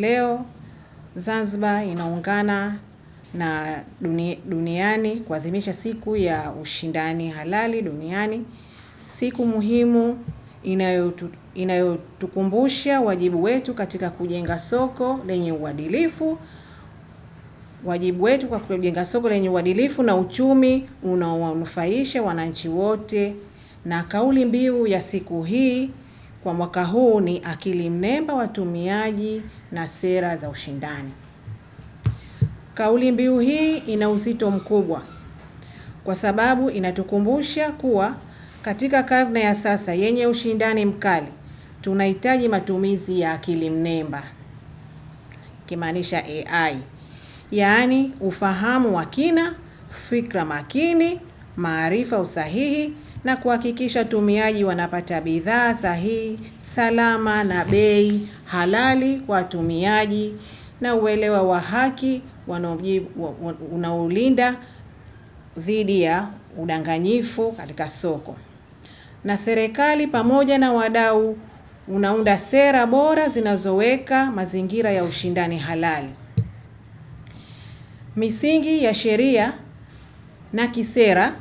Leo Zanzibar inaungana na dunia, duniani kuadhimisha siku ya ushindani halali duniani, siku muhimu inayotu, inayotukumbusha wajibu wetu katika kujenga soko lenye uadilifu, wajibu wetu kwa kujenga soko lenye uadilifu na uchumi unaowanufaisha wananchi wote, na kauli mbiu ya siku hii kwa mwaka huu ni akili mnemba, watumiaji na sera za ushindani. Kauli mbiu hii ina uzito mkubwa kwa sababu inatukumbusha kuwa katika karne ya sasa yenye ushindani mkali, tunahitaji matumizi ya akili mnemba, ikimaanisha AI, yaani ufahamu wa kina, fikra makini, maarifa usahihi na kuhakikisha watumiaji wanapata bidhaa sahihi, salama na bei halali kwa watumiaji na uelewa wa haki unaolinda dhidi ya udanganyifu katika soko. Na serikali pamoja na wadau unaunda sera bora zinazoweka mazingira ya ushindani halali. Misingi ya sheria na kisera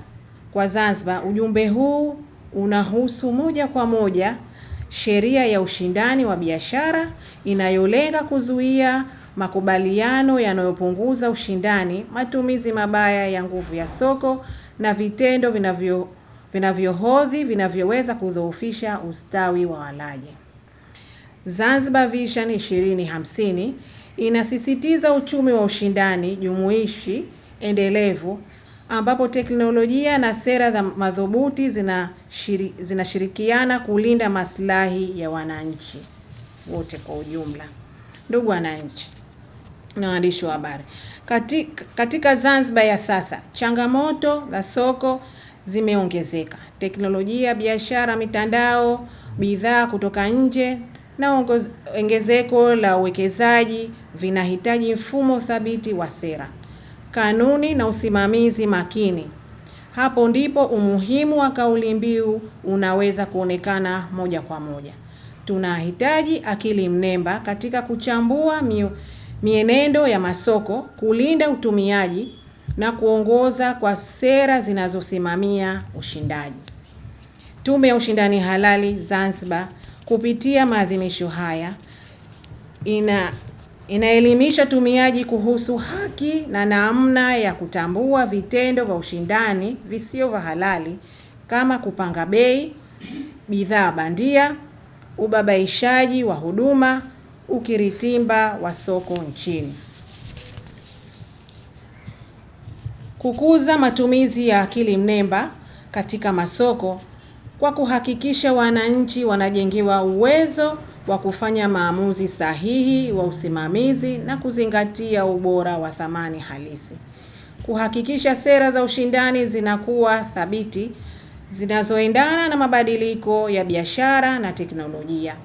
kwa Zanzibar. Ujumbe huu unahusu moja kwa moja sheria ya ushindani wa biashara inayolenga kuzuia makubaliano yanayopunguza ushindani, matumizi mabaya ya nguvu ya soko na vitendo vinavyo vinavyohodhi vinavyoweza kudhoofisha ustawi wa walaji. Zanzibar Vision 2050 inasisitiza uchumi wa ushindani jumuishi endelevu ambapo teknolojia na sera za madhubuti zinashirikiana kulinda maslahi ya wananchi wote kwa ujumla. Ndugu wananchi na waandishi wa habari, katika, katika Zanzibar ya sasa changamoto za soko zimeongezeka. Teknolojia, biashara, mitandao, bidhaa kutoka nje na ongezeko la uwekezaji vinahitaji mfumo thabiti wa sera kanuni na usimamizi makini. Hapo ndipo umuhimu wa kauli mbiu unaweza kuonekana moja kwa moja. Tunahitaji akili mnemba katika kuchambua mienendo ya masoko, kulinda utumiaji na kuongoza kwa sera zinazosimamia ushindaji. Tume ya Ushindani Halali Zanzibar kupitia maadhimisho haya ina inaelimisha tumiaji kuhusu haki na namna ya kutambua vitendo vya ushindani visio vya halali kama kupanga bei, bidhaa bandia, ubabaishaji wa huduma, ukiritimba wa soko nchini. Kukuza matumizi ya akili mnemba katika masoko kwa kuhakikisha wananchi wanajengewa uwezo wa kufanya maamuzi sahihi wa usimamizi na kuzingatia ubora wa thamani halisi, kuhakikisha sera za ushindani zinakuwa thabiti zinazoendana na mabadiliko ya biashara na teknolojia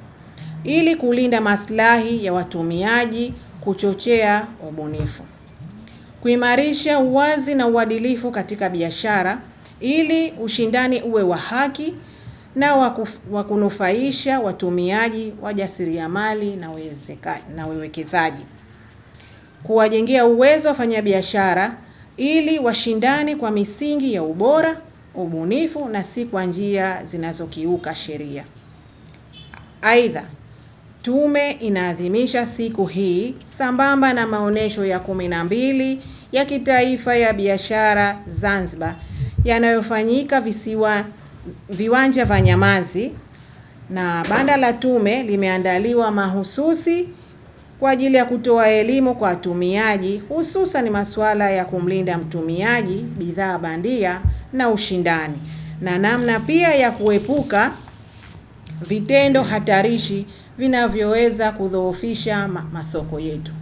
ili kulinda maslahi ya watumiaji, kuchochea ubunifu, kuimarisha uwazi na uadilifu katika biashara ili ushindani uwe wa haki na wakunufaisha watumiaji, wajasiriamali na wezeka, na wawekezaji, kuwajengea uwezo wafanyabiashara ili washindane kwa misingi ya ubora, ubunifu na si kwa njia zinazokiuka sheria. Aidha, tume inaadhimisha siku hii sambamba na maonesho ya kumi na mbili ya kitaifa ya biashara Zanzibar yanayofanyika visiwa viwanja vya Nyamazi na banda la tume limeandaliwa mahususi kwa ajili ya kutoa elimu kwa watumiaji, hususan masuala ya kumlinda mtumiaji bidhaa bandia na ushindani, na namna pia ya kuepuka vitendo hatarishi vinavyoweza kudhoofisha masoko yetu.